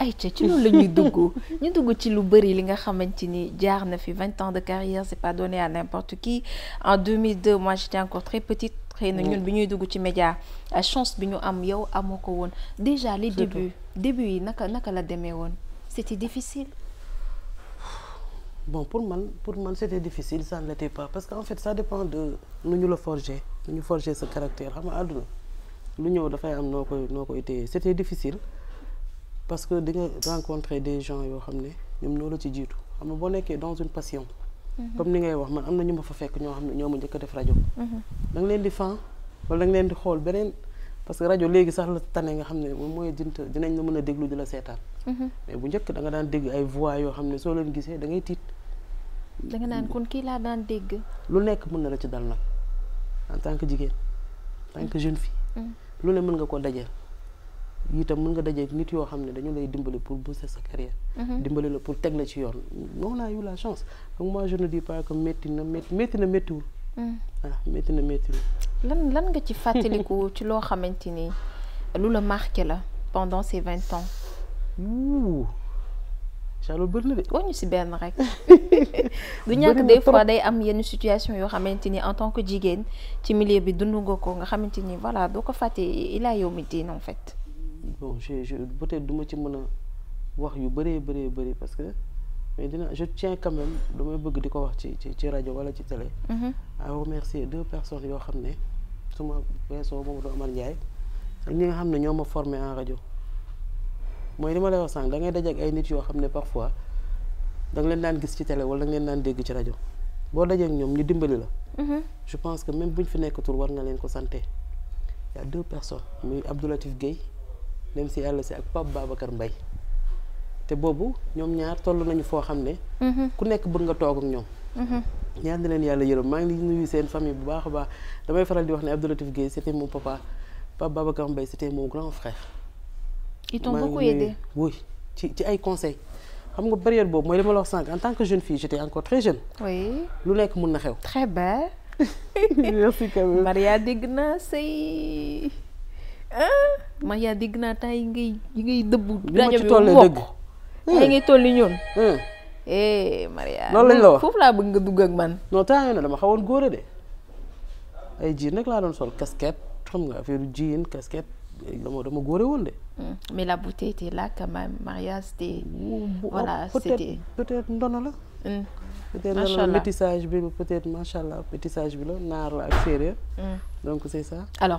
ayca ci loolu la ñuy dugg ñu dugg ci lu bëri li nga xamante ni jaar na fi vingt ans de carrière c'est pas donné à n'importe qui en 2002 moi j'étais encore très petite xëy na ñun bi ñuy dugg ci média chance bi ñu am yow amoo ko woon déjà les débuts début yi naka naka la demee woon c'était difficile bon pour man pour man c'était difficile ça ne l'était pas parce que en fait ça dépend de nu ñu la forger nu ñu forger sa caractère xam nga àdduna lu ñëw dafay am noo koy noo koy téye c'était difficile parce que di nga rencontrer des gens yoo xam ne ñoom loolu ci jiitu xam nga boo nekkee dans une passion. Mhm. comme ni ngay wax man am na ñu ma fa fekk ñoo xam ne ñoo ma njëkk a def rajo. Mhm. da leen di fan wala da leen di xool beneen parce que rajo léegi sax la tane nga xam ne moom mooy dint dinañ la mën a déglu di la seetaan. Mhm. mais bu njëkk da nga daan dégg ay voix yoo xam ne soo leen gisee da ngay tiit. da nga naan kon kii laa daan dégg. lu nekk mën na la ci dal nag en tant que jigéen en tant que jeune mën nga ko dajeel. itam mën nga dajeeg nit yoo xam ne dañu lay dimbali pour booster sa carrière mhm. dimbali la pour teg la ci yoon on a eu la chance donc moi je ne dis pas na métti métti na méttiwul mhm. lan lan nga ci fàttaliku ci loo xamante ni lu la marqué la pendant ces vingt ans incha allah bëri na de. woo ñu si benn rek. du ñàkk des fois day am yenn situation yoo xamante ni en tant que jigéen ci milieu bi dund nga ko nga xamante ni voilà doo ko fàtte ilaa yow mi diin en bon je je du ma ci mën a wax yu bëree bëree bëri parce que mais dina je tiens quand même damay bëgg di ko wax ci ci ci rajo wala ci tele mm-hmm. à remercier deux personnes yoo xam ne suma weesoo Mamadou Amar Ndiaye ak ñi nga xam ne ñoo ma formé en rajo mooy li lay wax sànq da ngay daje ay nit yoo xam ne parfois da nga leen daan gis ci télé wala da nga leen daan dégg ci rajo boo dajee ñoom ñu dimbali la. Mm-hmm. je pense que même buñ fi nekkatul war nga leen ko santé y a deux personnes muy Abdoulatif Guèye. dem si yàlla si ak Pape Babacar Mbaye te boobu ñoom ñaar toll nañu foo xam ne. Mhm. ku nekk bëgg nga toog ak ñoom. ñaan mhm. di leen yàlla yërëm maa ngi nuyu seen famille bu baax a baax damay faral di wax ne Abdou Latif Guèye c'était mon papa Pape Babacar Mbaye c'était mon grand frère. ils t'ont beaucoup aidé oui ci ci ay conseils. xam nga période boobu mooy li ma la wax sànq en tant que jeune fille jeune. lu nekk mun na xew. très bien. merci quand même. Maria dégg naa say ah. ma dégg naa temps yi ngay yi ngay dëbbu. rajo bi mu bokk yi ngay toll ni ñun. Hmm. eh Maria. loolu lañ wax foofu laa bëgg nga dugg ak man. non temps yii nag dama nag laa doon sol casquette xam nga affaire jiin casquette dama hmm. mais la beauté était ah, la. Hmm. macha allah métissage bi macha allah métissage bi la naar la ak séeréer. donc c'est ça alors.